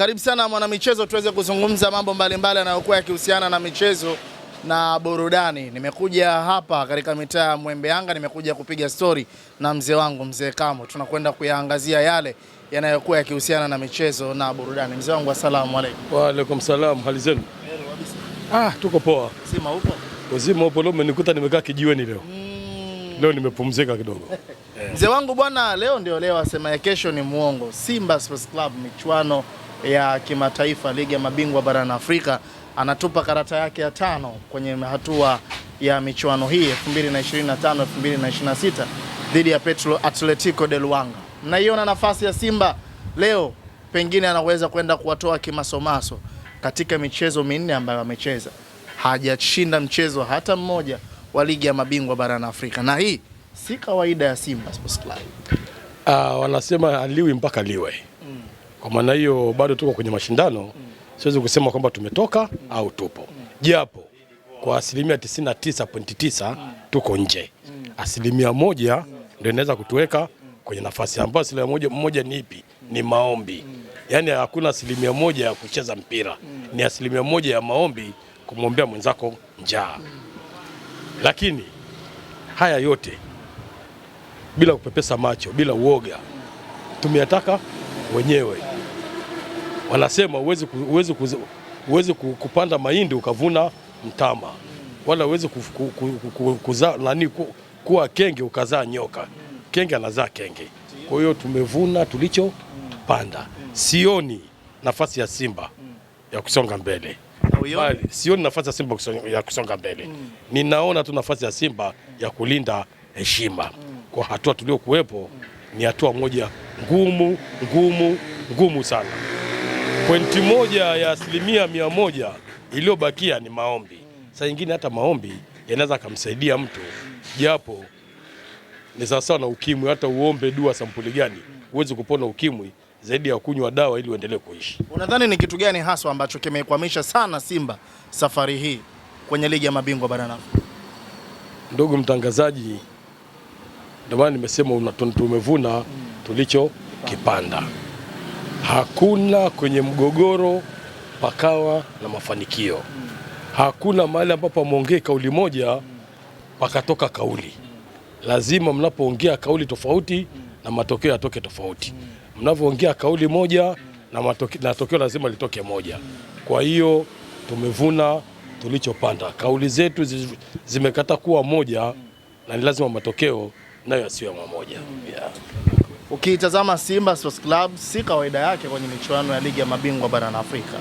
Karibu sana mwanamichezo, tuweze kuzungumza mambo mbalimbali yanayokuwa yakihusiana na michezo na burudani. Nimekuja hapa katika mitaa ya mwembe Yanga, nimekuja kupiga stori na mzee wangu mzee Kamo. Tunakwenda kuyaangazia yale yanayokuwa yakihusiana na michezo na burudani. Mzee wangu, asalamu alaykum. Wa alaykum salam, hali zenu? Ah, tuko poa. Sima upo? Uzima upo. Leo umenikuta nimekaa kijiweni leo. Mm. Leo nimepumzika kidogo. Mzee wangu bwana, leo ndio leo, asema kesho ni muongo. Simba Sports Club michuano ya kimataifa ligi ya mabingwa barani Afrika anatupa karata yake ya tano kwenye hatua ya michuano hii 2025 2026 dhidi ya Petro Atletico de Luanga. Mnaiona nafasi ya Simba leo, pengine anaweza kwenda kuwatoa kimasomaso. Katika michezo minne ambayo amecheza hajashinda mchezo hata mmoja wa ligi ya mabingwa barani Afrika, na hii si kawaida ya Simba Sports Club. Uh, wanasema aliwi mpaka liwe kwa maana hiyo bado tuko kwenye mashindano, siwezi kusema kwamba tumetoka au tupo, japo kwa asilimia 99.9 tuko nje. Asilimia moja ndio inaweza kutuweka kwenye nafasi ambayo asilimia moja, moja ni ipi? Ni maombi. Yaani hakuna asilimia moja ya kucheza mpira, ni asilimia moja ya maombi, kumwombea mwenzako njaa. Lakini haya yote bila kupepesa macho, bila uoga, tumeyataka wenyewe wanasema uwezi, ku, uwezi, ku, uwezi ku, kupanda mahindi ukavuna mtama wala uwezi ku, ku, ku, ku, kuza, nani, ku, kuwa kenge ukazaa nyoka. Kenge anazaa kenge. Kwa hiyo tumevuna tulichopanda. Sioni nafasi ya Simba ya kusonga mbele Bali, sioni nafasi ya Simba ya kusonga mbele Ninaona tu nafasi ya Simba ya kulinda heshima Kwa hatua tuliokuwepo Ni hatua moja ngumu ngumu ngumu sana. Pointi moja ya asilimia mia moja iliyobakia ni maombi. Saa nyingine hata maombi yanaweza akamsaidia mtu, japo ni sawasawa na ukimwi, hata uombe dua sampuli gani, huwezi kupona ukimwi zaidi ya kunywa dawa ili uendelee kuishi. Unadhani ni kitu gani haswa ambacho kimekwamisha sana Simba safari hii kwenye ligi ya mabingwa barani Afrika? Ndugu mtangazaji, ndio maana nimesema tumevuna tulichokipanda. Hakuna kwenye mgogoro pakawa na mafanikio. Hakuna mahali ambapo ameongea kauli moja pakatoka kauli. Lazima mnapoongea kauli tofauti na matokeo yatoke tofauti. Mnavyoongea kauli moja na matokeo, na tokeo lazima litoke moja. Kwa hiyo tumevuna tulichopanda. Kauli zetu zimekata kuwa moja na ni lazima matokeo nayo yasiwe mamoja. Yeah. Ukiitazama Simba Sports Club si kawaida yake kwenye michuano ya ligi ya mabingwa barani Afrika.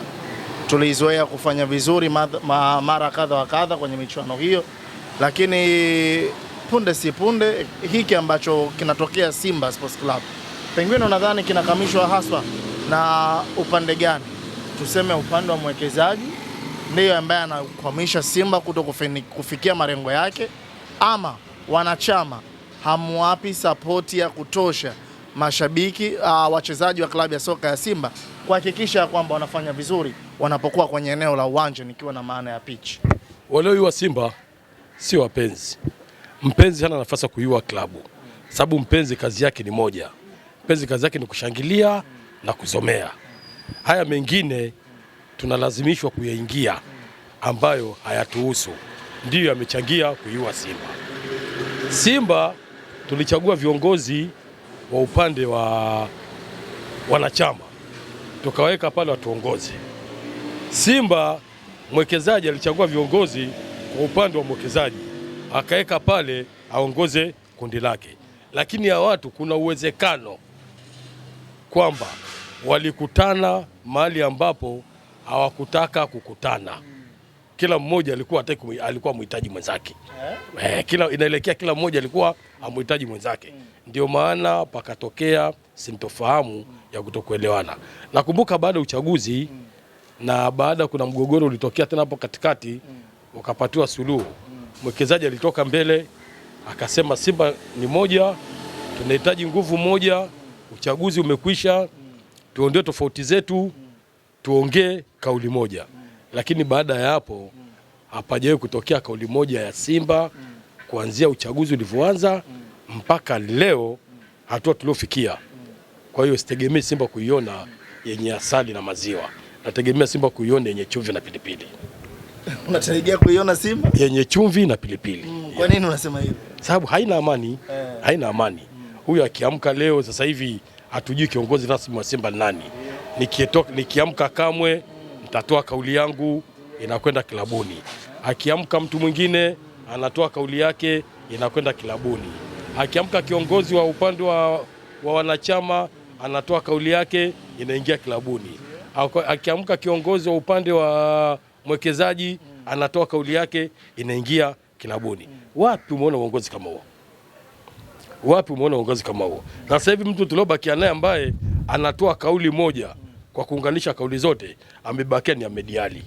Tulizoea kufanya vizuri mara kadha wa kadha kwenye michuano hiyo, lakini punde si punde hiki ambacho kinatokea Simba Sports Club pengine unadhani kinakamishwa haswa na upande gani? Tuseme upande wa mwekezaji ndiyo ambaye anakwamisha Simba kuto kufikia malengo yake, ama wanachama hamwapi sapoti ya kutosha mashabiki uh, wachezaji wa klabu ya soka ya Simba kuhakikisha kwamba wanafanya vizuri wanapokuwa kwenye eneo la uwanja, nikiwa na maana ya pitch. Walioiwa Simba si wapenzi. Mpenzi hana nafasi ya kuiua klabu, sababu mpenzi kazi yake ni moja. Mpenzi kazi yake ni kushangilia na kuzomea. Haya mengine tunalazimishwa kuyaingia, ambayo hayatuhusu, ndiyo yamechangia kuiua Simba. Simba tulichagua viongozi wa upande wa wanachama tukaweka pale watuongoze. Simba mwekezaji alichagua viongozi kwa upande wa mwekezaji akaweka pale aongoze kundi lake, lakini ya watu kuna uwezekano kwamba walikutana mahali ambapo hawakutaka kukutana. Kila mmoja alikuwa ataki, alikuwa muhitaji mwenzake eh? Eh, kila, inaelekea kila mmoja alikuwa amhitaji mwenzake. Ndio maana pakatokea sintofahamu ya kutokuelewana. Nakumbuka baada ya uchaguzi na baada kuna mgogoro ulitokea tena hapo katikati ukapatiwa suluhu. Mwekezaji alitoka mbele akasema Simba ni moja, tunahitaji nguvu moja, uchaguzi umekwisha, tuondoe tofauti zetu, tuongee kauli moja. Lakini baada ya hapo hapajawahi kutokea kauli moja ya Simba kuanzia uchaguzi ulivyoanza mpaka leo hatua tuliofikia. Kwa hiyo sitegemee Simba kuiona yenye asali na maziwa, nategemea Simba kuiona yenye chumvi na pilipili. Unatarajia kuiona Simba yenye chumvi na pilipili. Mm, kwa nini unasema hivyo? Sababu haina amani eh, haina amani huyu. Mm, akiamka leo sasa hivi hatujui kiongozi rasmi wa Simba nani. Nikiamka Kamwe nitatoa kauli yangu inakwenda kilabuni, akiamka mtu mwingine anatoa kauli yake inakwenda kilabuni. Akiamka kiongozi wa upande wa, wa wanachama anatoa kauli yake inaingia klabuni. Akiamka kiongozi wa upande wa mwekezaji anatoa kauli yake inaingia klabuni. Wapi umeona uongozi kama huo? Wapi umeona uongozi kama huo? Sasa hivi mtu tuliobakia naye ambaye anatoa kauli moja kwa kuunganisha kauli zote amebakia ni Ahmed Ally,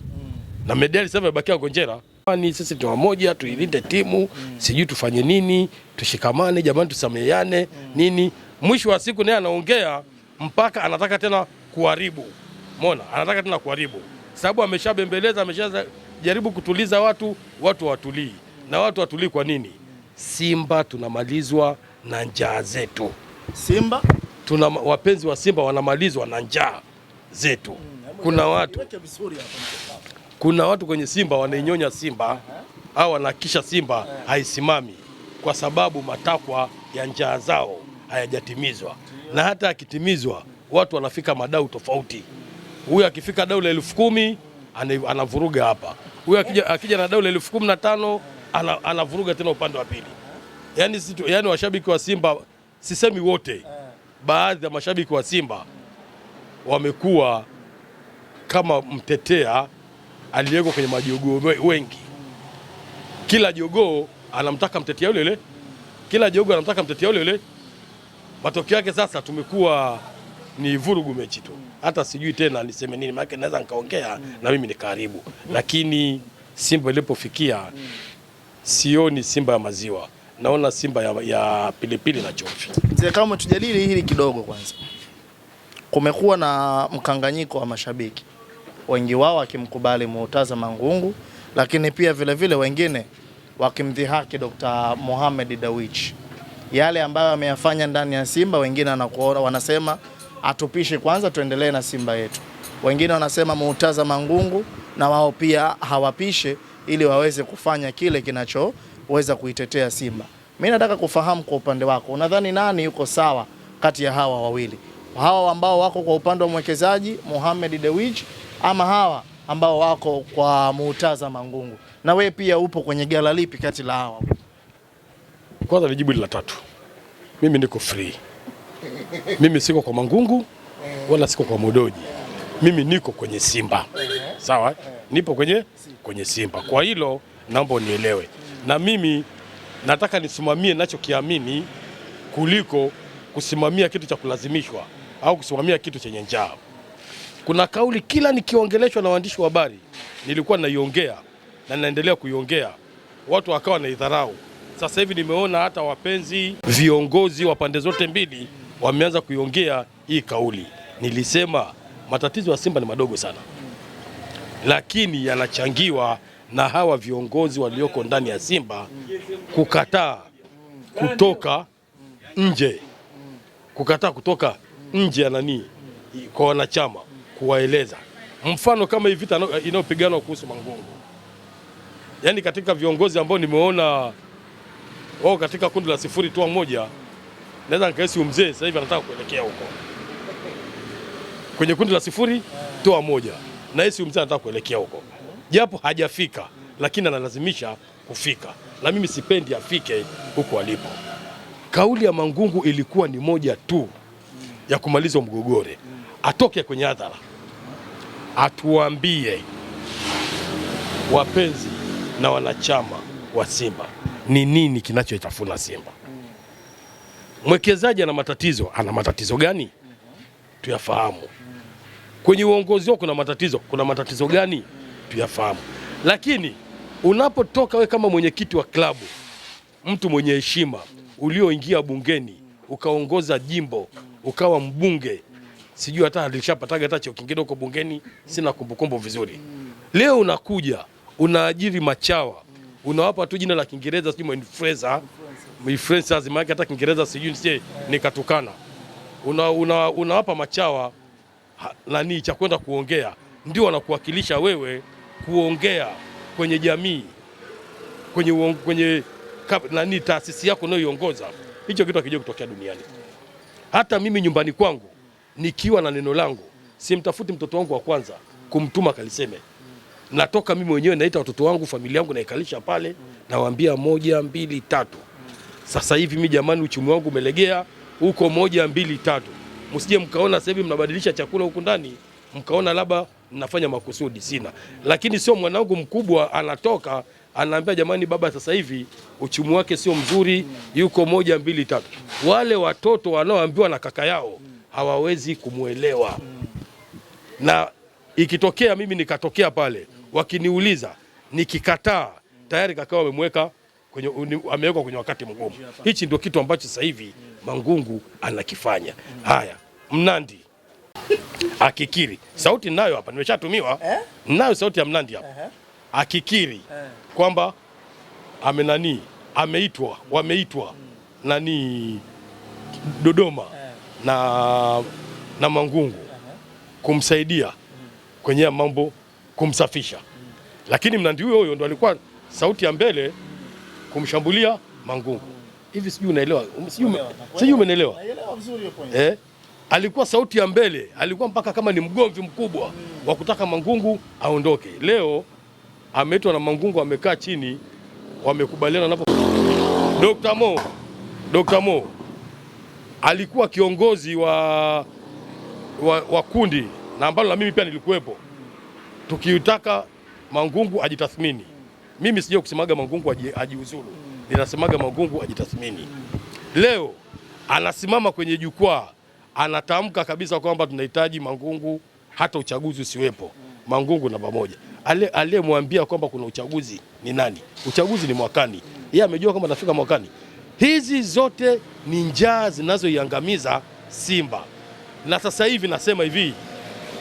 na Ahmed Ally sasa amebakia Gonjera. Ni sisi ni wamoja, tuilinde timu mm. Sijui tufanye nini, tushikamane jamani, tusameheane mm. nini. Mwisho wa siku naye anaongea mpaka anataka tena kuharibu, mona anataka tena kuharibu sababu ameshabembeleza, ameshajaribu kutuliza watu, watu watulii na watu watulii. Kwa nini Simba tunamalizwa na njaa zetu? Simba tuna wapenzi wa Simba wanamalizwa na njaa zetu. Hmm, Kuna watu kuna watu kwenye Simba wanainyonya Simba au wanahakikisha Simba haisimami kwa sababu matakwa ya njaa zao hayajatimizwa, na hata akitimizwa watu wanafika madau tofauti. Huyu akifika dau la elfu kumi anavuruga hapa, huyu akija, akija na dau la elfu kumi na tano anavuruga tena upande wa pili. Yani, situ, yani washabiki wa Simba sisemi wote, baadhi ya mashabiki wa Simba wamekuwa kama mtetea aliwekwa kwenye majogoo wengi. Kila jogoo anamtaka mtetea yule yule, kila jogoo anamtaka mtetea yule yule. Matokeo yake sasa tumekuwa ni vurugu mechi tu, hata sijui tena niseme nini, maana naweza nikaongea na mimi ni karibu, lakini Simba ilipofikia sioni Simba ya maziwa, naona Simba ya, ya pilipili na chumvi. Mzee kama tujadili hili kidogo kwanza, kumekuwa na mkanganyiko wa mashabiki wengi wao wakimkubali Murtaza Mangungu, lakini pia vilevile vile wengine wakimdhihaki Dr. Mohamed Dewich, yale ambayo ameyafanya ndani ya Simba. Wengine wanakuona wanasema atupishe kwanza, tuendelee na Simba yetu. Wengine wanasema Murtaza Mangungu na wao pia hawapishe, ili waweze kufanya kile kinachoweza kuitetea Simba. Mimi nataka kufahamu kwa upande wako, unadhani nani yuko sawa kati ya hawa wawili, hawa ambao wako kwa upande wa mwekezaji Mohamed Dewich ama hawa ambao wako kwa Murtaza Mangungu, na wewe pia upo kwenye gala lipi kati la hawa? Kwanza nijibu la tatu, mimi niko free. Mimi siko kwa Mangungu wala siko kwa Modoji, mimi niko kwenye Simba. Sawa, nipo kwenye kwenye Simba. Kwa hilo naomba unielewe, na mimi nataka nisimamie nachokiamini kuliko kusimamia kitu cha kulazimishwa au kusimamia kitu chenye njaa. Kuna kauli kila nikiongeleshwa na waandishi wa habari nilikuwa naiongea na naendelea kuiongea, watu wakawa naidharau. Sasa hivi nimeona hata wapenzi viongozi wa pande zote mbili wameanza kuiongea hii kauli. Nilisema matatizo ya Simba ni madogo sana, lakini yanachangiwa na hawa viongozi walioko ndani ya Simba kukataa kutoka nje, kukataa kutoka nje ya nani kwa wanachama kuwaeleza. Mfano kama hii vita inayopiganwa kuhusu Mangongo, yaani katika viongozi ambao nimeona wao katika kundi la sifuri tu moja, naweza nikaisi mzee sasa hivi anataka kuelekea huko kwenye kundi la sifuri toa moja, na hisi mzee anataka kuelekea huko, japo hajafika, lakini analazimisha kufika, na mimi sipendi afike huko alipo. Kauli ya Mangungu ilikuwa ni moja tu ya kumaliza mgogoro, atoke kwenye hadhara atuambie wapenzi na wanachama wa Simba ni nini kinachoitafuna Simba. Mwekezaji ana matatizo, ana matatizo gani? Tuyafahamu. Kwenye uongozi wao kuna matatizo, kuna matatizo gani? Tuyafahamu. Lakini unapotoka we kama mwenyekiti wa klabu, mtu mwenye heshima, ulioingia bungeni ukaongoza jimbo, ukawa mbunge sijui hata nilishapataga hata cheo kingine huko bungeni, sina kumbukumbu vizuri. Leo unakuja unaajiri machawa, unawapa tu jina la Kiingereza sijui influencer influencers, maana hata Kiingereza sijui nisije nikatukana. Unawapa una, una machawa nani cha kwenda kuongea, ndio wanakuwakilisha wewe kuongea kwenye jamii kwenye, kwenye nani taasisi yako unayoiongoza. Hicho kitu hakija kutokea duniani. Hata mimi nyumbani kwangu nikiwa na neno langu, simtafuti mtoto wangu wa kwanza kumtuma kaliseme. Natoka mimi mwenyewe naita watoto wangu, familia yangu naikalisha pale, nawaambia moja mbili tatu. Sasa hivi mimi jamani, uchumi wangu umelegea huko moja mbili tatu, msije mkaona sasa hivi mnabadilisha chakula huku ndani mkaona labda nafanya makusudi. Sina, lakini sio mwanangu mkubwa anatoka anaambia jamani, baba sasa hivi uchumi wake sio mzuri, yuko moja mbili tatu. Wale watoto wanaoambiwa na kaka yao hawawezi kumwelewa na ikitokea mimi nikatokea pale wakiniuliza nikikataa, tayari kaka wamemweka kwenye amewekwa kwenye wakati mgumu. Hichi ndio kitu ambacho sasa hivi Mangungu anakifanya. Haya, Mnandi akikiri, sauti ninayo hapa, nimeshatumiwa eh? ninayo sauti ya Mnandi hapa akikiri eh. kwamba amenani ameitwa wameitwa mm. nani Dodoma eh na, na Mangungu kumsaidia kwenye mambo kumsafisha, lakini Mnandi huyo huyo ndo alikuwa sauti ya mbele kumshambulia Mangungu hivi, sijui unaelewa, sijui umenielewa eh? Alikuwa sauti ya mbele, alikuwa mpaka kama ni mgomvi mkubwa wa kutaka Mangungu aondoke. Leo ameitwa na Mangungu, amekaa chini, wamekubaliana napo. Dr. Mo, Dr. Mo alikuwa kiongozi wa, wa, wa kundi na ambalo na mimi pia nilikuwepo tukiutaka Mangungu ajitathmini. Mimi sija kusemaga Mangungu ajiuzuru, ninasemaga Mangungu ajitathmini. Leo anasimama kwenye jukwaa anatamka kabisa kwamba tunahitaji Mangungu, hata uchaguzi usiwepo, Mangungu namba moja. Aliyemwambia kwamba kuna uchaguzi ni nani? Uchaguzi ni mwakani, yeye amejua kama atafika mwakani. Hizi zote ni njaa zinazoiangamiza Simba, na sasa hivi nasema hivi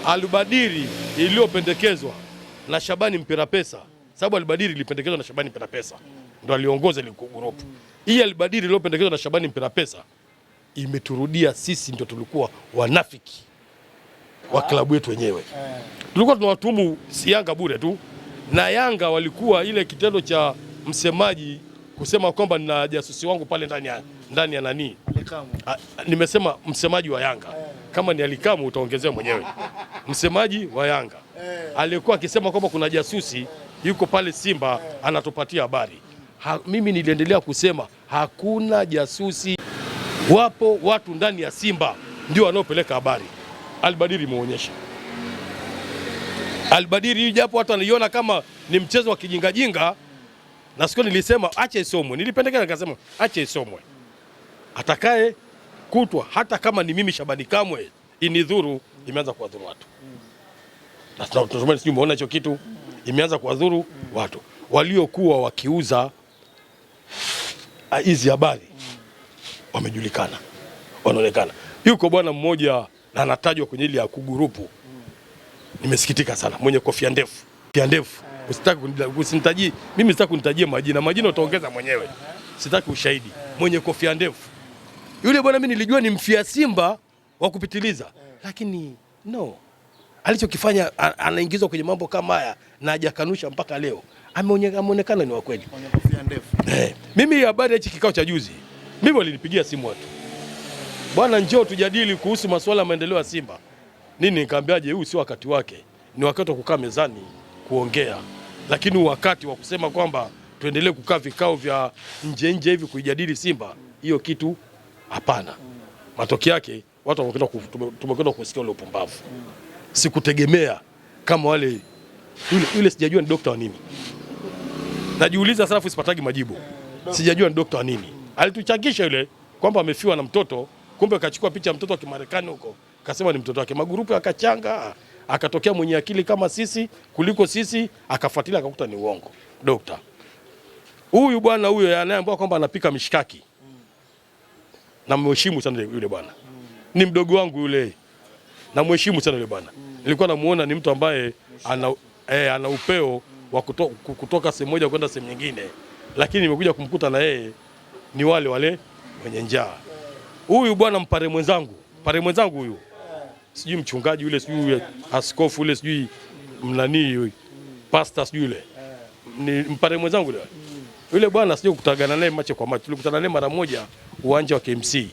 alubadiri iliyopendekezwa na Shabani Mpira Pesa, sababu alubadiri ilipendekezwa na Shabani Mpira Pesa ndo aliongoza ile group hii. Alubadiri iliyopendekezwa na Shabani Mpira Pesa imeturudia sisi, ndio tulikuwa wanafiki wa klabu yetu wenyewe. Tulikuwa tunawatumu si Yanga bure tu, na Yanga walikuwa ile kitendo cha msemaji kusema kwamba nina jasusi wangu pale ndani ya ndani ya nani, nimesema msemaji wa Yanga eh. kama ni alikamu utaongezea mwenyewe msemaji wa Yanga eh. aliyekuwa akisema kwamba kuna jasusi yuko pale Simba eh. anatupatia habari ha, mimi niliendelea kusema hakuna jasusi, wapo watu ndani ya Simba ndio wanaopeleka habari. Albadiri imeonyesha Albadiri, japo watu anaiona kama ni mchezo wa kijingajinga na siku nilisema acha isomwe, nilipendekeza nikasema acha isomwe, atakaye kutwa hata kama ni mimi Shabani Kamwe inidhuru. Imeanza kuwadhuru watu na tunatumai, sijui umeona hicho kitu, imeanza kuwadhuru watu waliokuwa wakiuza ah, hizi habari, wamejulikana, wanaonekana. Yuko bwana mmoja na anatajwa kwenye ile ya kugurupu. Nimesikitika sana, mwenye kofia ndefu, kofia ndefu Usitaki mimi, sitaki kunitajia majina, majina utaongeza mwenyewe, sitaki ushahidi. Mwenye kofia ndefu yule bwana, mimi nilijua ni mfia Simba wa kupitiliza, lakini no, alichokifanya anaingizwa kwenye mambo kama haya na hajakanusha mpaka leo, ameonekana ni wa kweli. Eh, Mimi habari ya hichi kikao cha juzi, mimi walinipigia simu watu, bwana, njoo tujadili kuhusu masuala ya maendeleo ya Simba nini. Nikaambiaje, huu sio wakati wake, ni wakati wa kukaa mezani kuongea lakini wakati wa kusema kwamba tuendelee kukaa vikao vya nje nje hivi kuijadili Simba, hiyo kitu hapana. Matokeo yake watu tumekwenda kusikia ule upumbavu. Sikutegemea kama wale yule, yule sijajua ni daktari wa nini, najiuliza sasa, sipatagi majibu, sijajua ni daktari wa nini. Alituchangisha yule kwamba amefiwa na mtoto, kumbe akachukua picha ya mtoto wa Kimarekani huko, kasema ni mtoto wake, magurupu akachanga akatokea mwenye akili kama sisi kuliko sisi, akafuatilia akakuta ni uongo. Dokta huyu bwana huyo anayeambia kwamba anapika mishikaki, mm. namheshimu sana yule bwana, mm. ni mdogo wangu yule, mheshimu sana yule bwana. Mm. Nilikuwa namuona ni mtu ambaye ana, eh, ana upeo wa kutoka, kutoka sehemu moja kwenda sehemu nyingine, lakini nimekuja kumkuta na yeye ni wale wale wenye njaa. Eh. Huyu bwana mpare mwenzangu, pare mwenzangu huyu sijui mchungaji yule, sijui askofu yule, sijui mnanii pastor sijui yule ni mpare mwenzangu yule yule bwana, sijui kukutana naye macho kwa macho. Tulikutana naye mara moja uwanja wa KMC,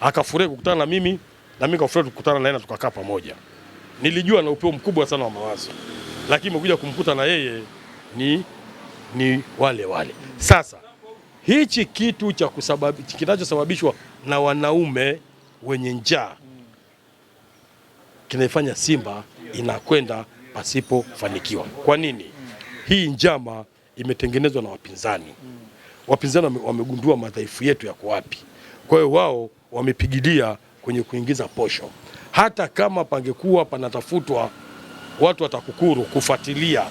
akafurahi kukutana na mimi na mimi kafurahi kukutana naye na tukakaa pamoja. Nilijua na upeo mkubwa sana wa mawazo, lakini nimekuja kumkuta na yeye ni ni wale wale. Sasa hichi kitu cha kinachosababishwa na wanaume wenye njaa kinaifanya Simba inakwenda pasipofanikiwa. Kwa nini? Hii njama imetengenezwa na wapinzani. Wapinzani wamegundua madhaifu yetu yako wapi, kwa hiyo wao wamepigilia kwenye kuingiza posho. Hata kama pangekuwa panatafutwa watu watakukuru kufuatilia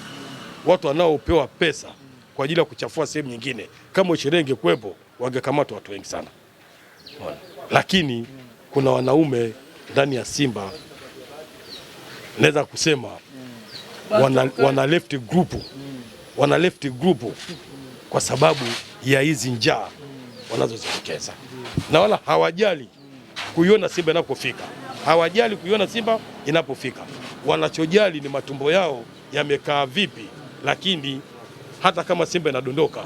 watu wanaopewa pesa kwa ajili ya kuchafua sehemu nyingine, kama sherehe ingekuwepo wangekamata watu wengi sana, lakini kuna wanaume ndani ya Simba naweza kusema wana, wana left group wana left group kwa sababu ya hizi njaa wanazoziwekeza na wala hawajali kuiona Simba inapofika, hawajali kuiona Simba inapofika. Wanachojali ni matumbo yao yamekaa vipi. Lakini hata kama Simba inadondoka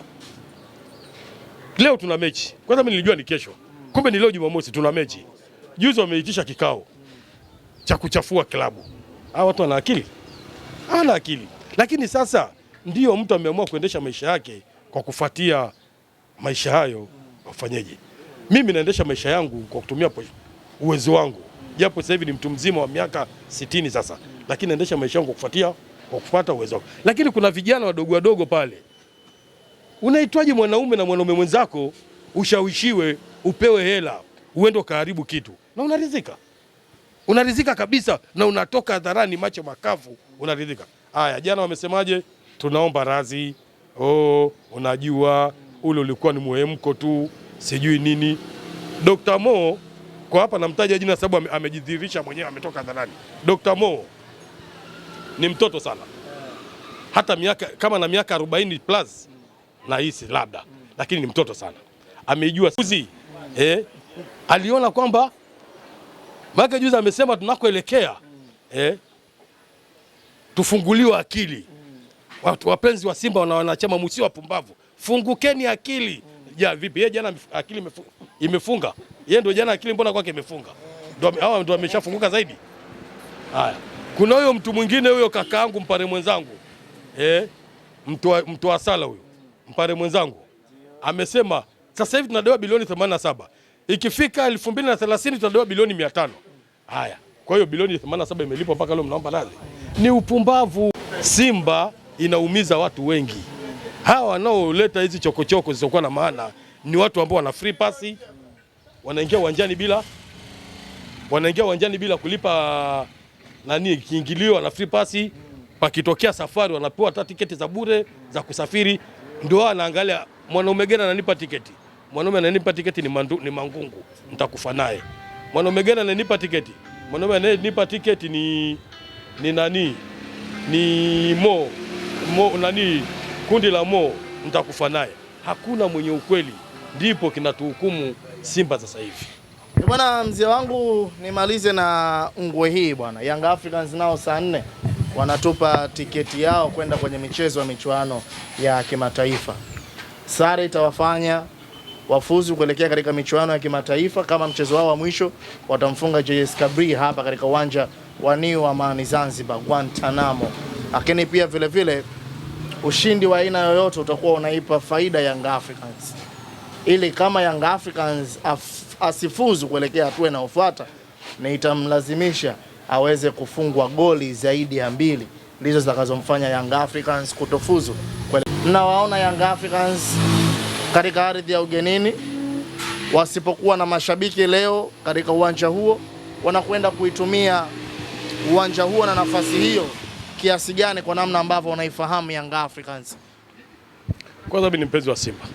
leo, tuna mechi kwanza. Mimi nilijua ni kesho, kumbe ni leo Jumamosi, tuna mechi. Juzi wameitisha kikao cha kuchafua klabu hawa watu wana akili? Hana akili. Lakini sasa ndio mtu ameamua kuendesha maisha yake kwa kufuatia maisha hayo, ufanyeje? Mimi naendesha maisha yangu kwa kutumia uwezo wangu, japo sasa hivi ni mtu mzima wa miaka sitini sasa, lakini naendesha maisha yangu kwa kufuatia kwa kufuata uwezo wangu. Lakini kuna vijana wadogo wadogo pale, unaitwaje mwanaume na mwanaume mwenzako ushawishiwe upewe hela uende ukaharibu kitu na unaridhika unaridhika kabisa na unatoka hadharani macho makavu, unaridhika. Haya, jana wamesemaje? Tunaomba radhi. Oh, unajua ule ulikuwa ni muhemko tu, sijui nini. Dr. Mo kwa hapa namtaja jina sababu amejidhihirisha mwenyewe, ametoka hadharani. Dr. Mo ni mtoto sana, hata miaka kama na miaka 40 plus na hisi labda, lakini ni mtoto sana, ameijua eh, aliona kwamba maana juzi amesema tunakoelekea mm. eh, tufunguliwe akili mm. watu wapenzi wa Simba na wanachama msi wapumbavu, fungukeni akili mm. ja, vipi yeye jana akili imefunga, Yeye ndio jana akili mbona kwake imefunga hawa ndio ameshafunguka zaidi. Haya, kuna huyo mtu mwingine huyo kakaangu mpare mwenzangu eh, mtu wa sala huyo mpare mwenzangu amesema sasa hivi tunadewa bilioni 87 ikifika 2030 tutadaiwa bilioni 500. Haya, kwa hiyo bilioni 87 imelipwa mpaka leo, mnaomba radhi. Ni upumbavu. Simba inaumiza watu wengi. Hawa wanaoleta hizi chokochoko zisizokuwa na maana ni watu ambao wana free pass, wanaingia uwanjani bila wanaingia uwanjani bila kulipa nani kiingilio, wana free pass. Pakitokea safari, wanapewa hata tiketi za bure za kusafiri. Ndio anaangalia mwanaume gani ananipa tiketi mwanaume ananipa tiketi ni, mandu, ni mangungu nitakufa naye. Mwanaume gani ananipa tiketi? Mwanaume ananipa tiketi ni ni nani? Ni mo, mo nani? Kundi la mo nitakufa naye. Hakuna mwenye ukweli, ndipo kinatuhukumu Simba sasa hivi. Eh, bwana mzee wangu, nimalize na ngwe hii bwana. Young Africans nao saa nne wanatupa tiketi yao kwenda kwenye michezo ya michuano ya kimataifa. Sare itawafanya wafuzu kuelekea katika michuano ya kimataifa kama mchezo wao wa mwisho watamfunga JS Kabri hapa katika uwanja wa New Amani Zanzibar, Guantanamo. Lakini pia vile vile ushindi wa aina yoyote utakuwa unaipa faida Young Africans, ili kama Young Africans asifuzu kuelekea hatua inayofuata, na itamlazimisha aweze kufungwa goli zaidi ya mbili ndizo zitakazomfanya Young Africans kutofuzu. Mnawaona Young Africans katika ardhi ya ugenini. Wasipokuwa na mashabiki leo katika uwanja huo, wanakwenda kuitumia uwanja huo na nafasi hiyo kiasi gani, kwa namna ambavyo wanaifahamu Young Africans. Kwanza mimi ni mpenzi wa Simba,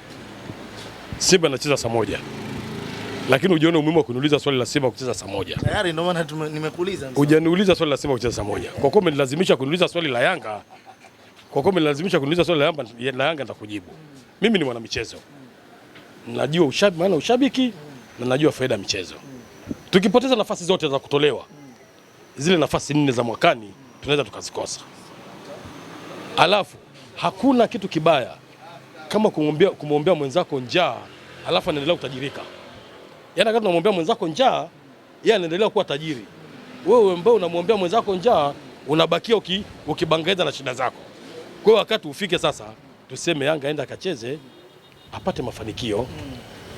Simba anacheza saa moja lakini hujaona umuhimu wa kuniuliza swali la Simba kucheza saa moja. Tayari ndio maana nimekuuliza. Hujaniuliza swali la Simba kucheza saa moja. Kwa kuwa umenilazimisha kuniuliza swali la Yanga, kwa kuwa umenilazimisha kuniuliza swali la Yanga, la Yanga nitakujibu mimi ni mwanamichezo, najua ushabiki, maana ushabiki na najua faida ya michezo. Tukipoteza nafasi zote za kutolewa, zile nafasi nne za mwakani tunaweza tukazikosa. Alafu hakuna kitu kibaya kama kumwombea kumwombea mwenzako njaa alafu anaendelea kutajirika. Yaani kama unamwombea mwenzako njaa, yeye anaendelea kuwa tajiri. Wewe ambao unamwombea mwenzako njaa unabakia ukibangaiza na shida zako. Kwa hiyo wakati ufike sasa tuseme Yanga aenda akacheze apate mafanikio,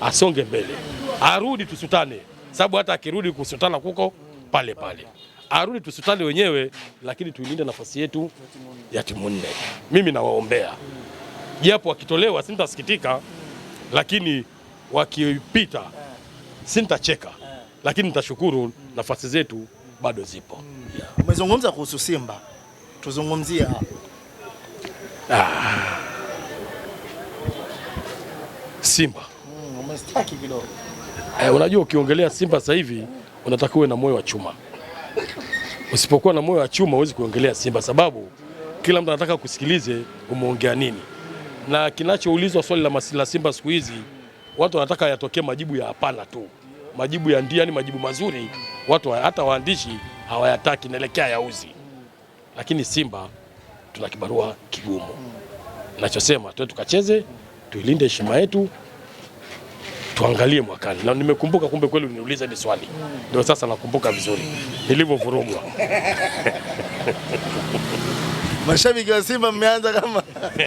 asonge mbele, arudi tusutane, sababu hata akirudi kusutana kuko pale pale, arudi tusutane wenyewe, lakini tuilinde nafasi yetu ya timu nne. Mimi nawaombea japo wakitolewa sintasikitika, lakini wakipita sintacheka, lakini nitashukuru nafasi zetu bado zipo. Umezungumza yeah, kuhusu Simba, tuzungumzia ah. Simba. Eh, unajua ukiongelea Simba sasa hivi unatakiwa uwe na moyo wa chuma. Usipokuwa na moyo wa chuma huwezi kuongelea Simba, sababu kila mtu anataka kusikilize umeongea nini, na kinachoulizwa swali la masila Simba siku hizi watu wanataka yatokee majibu ya hapana tu, majibu ya ndio, yani majibu mazuri watu hata waandishi hawayataki, naelekea yauzi. Lakini Simba tuna kibarua kigumu, nachosema tuwe tukacheze tuilinde heshima yetu, tuangalie mwakani. Na nimekumbuka kumbe kweli uniuliza ni swali, ndio sasa nakumbuka vizuri nilivyovurugwa. Mashabiki wa Simba mmeanza kama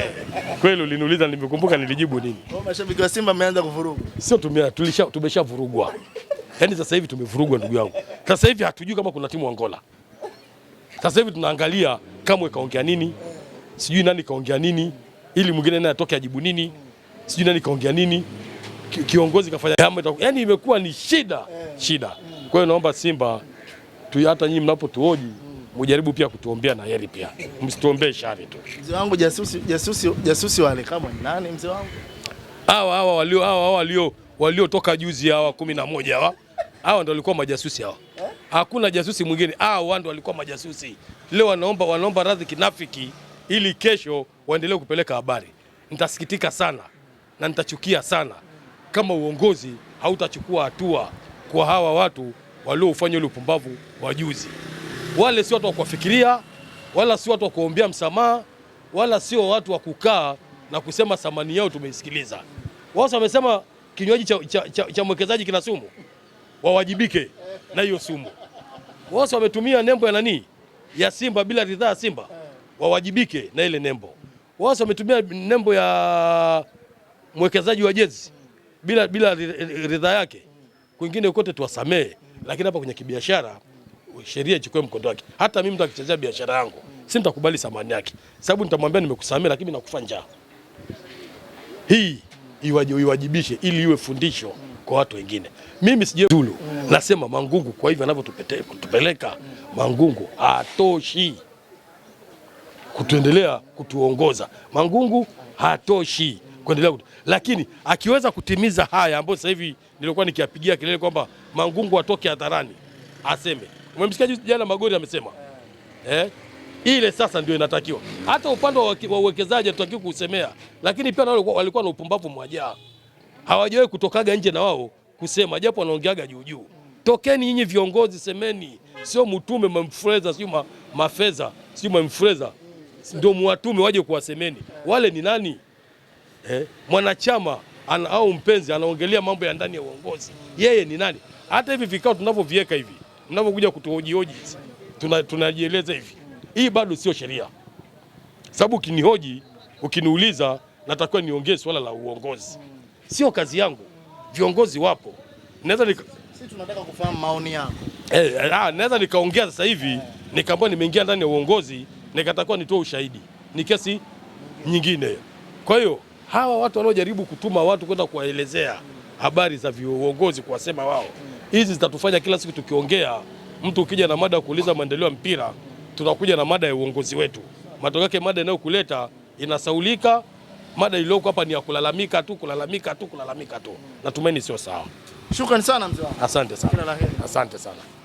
kweli uliniuliza, nimekumbuka nilijibu nini. Oh, mashabiki wa Simba mmeanza kuvurugwa, sio tumia, tulisha tumeshavurugwa, yaani sasa hivi tumevurugwa ndugu yangu. Sasa hivi hatujui kama kuna timu Angola. Sasa hivi tunaangalia kama kaongea nini, sijui nani kaongea nini, ili mwingine naye atoke ajibu nini sijui nani kaongea nini, kiongozi kafanya jambo, yani imekuwa ni shida eh. shida. Mm. Kwa hiyo naomba Simba tu, hata nyinyi mnapotuoji mm. mujaribu pia kutuombea na heri pia, msituombee shari tu. Mzee wangu jasusi, jasusi, jasusi wale kama ni nani mzee wangu? Hawa hawa walio hawa walio waliotoka juzi hawa kumi na moja hawa hawa ndio walikuwa majasusi hawa eh? Hakuna jasusi mwingine, hawa ndio walikuwa majasusi. Leo wanaomba wanaomba radhi kinafiki, ili kesho waendelee kupeleka habari. Nitasikitika sana na nitachukia sana kama uongozi hautachukua hatua kwa hawa watu waliofanya ule upumbavu wa juzi. Wale si watu wa kuwafikiria, wala si watu wa kuombea msamaha, wala sio watu wa kukaa na kusema thamani yao tumeisikiliza. Wao wamesema kinywaji cha, cha, cha, cha mwekezaji kina sumu, wawajibike na hiyo sumu. Wao wametumia nembo ya nani ya Simba bila ridhaa ya Simba, wawajibike na ile nembo. Wao wametumia nembo ya mwekezaji wa jezi bila, bila ridhaa yake kwingine kote tuwasamehe, lakini hapa kwenye kibiashara sheria ichukue mkondo wake. Hata mimi mtu akichezea biashara yangu si mtakubali samani yake, sababu nitamwambia nimekusamehe, lakini nakufa njaa. Hii iwajibishe ili iwe fundisho kwa watu wengine. Mimi dulu nasema Mangungu kwa hivyo anavyotupeleka Mangungu hatoshi kutuendelea kutuongoza. Mangungu hatoshi kuendelea kutu. Lakini akiweza kutimiza haya ambayo sasa hivi nilikuwa nikiapigia kelele kwamba Mangungu atoke hadharani aseme. Umemsikia juzi jana Magori amesema eh? Ile sasa ndio inatakiwa. Hata upande wa uwekezaji hatutakiwi kusemea, lakini pia nao walikuwa na upumbavu mwajaa, hawajawahi kutokaga nje na wao kusema, japo wanaongeaga juu juu. Tokeni nyinyi viongozi, semeni, sio mtume mamfreza, sio mafeza, sio mamfreza, ndio muwatume waje kuwasemeni. Wale ni nani? eh, mwanachama ana, au mpenzi anaongelea mambo ya ndani ya uongozi, yeye ni nani? Hata hivi vikao tunavyoviweka hivi, mnavyokuja kutuhojihoji tunajieleza hivi, hii bado sio sheria, sababu ukinihoji, ukiniuliza, natakiwa niongee swala la uongozi, sio kazi yangu. Viongozi wapo, naweza nika... sisi tunataka kufahamu maoni yako eh, ah, naweza nikaongea sasa hivi eh. nikaambia nimeingia ndani ya uongozi, nikatakuwa nitoe ushahidi, ni kesi nyingine. Kwa hiyo hawa watu wanaojaribu kutuma watu kwenda kuwaelezea habari za viongozi kuwasema wao, hizi zitatufanya kila siku tukiongea, mtu ukija na mada ya kuuliza maendeleo ya mpira, tunakuja na mada ya uongozi wetu. Matokeo yake mada inayokuleta inasaulika. Mada iliyoko hapa ni ya kulalamika tu, kulalamika tu, kulalamika tu. Natumaini sio sawa. Shukrani sana mzee wangu. Asante sana. Kila la heri. Asante sana.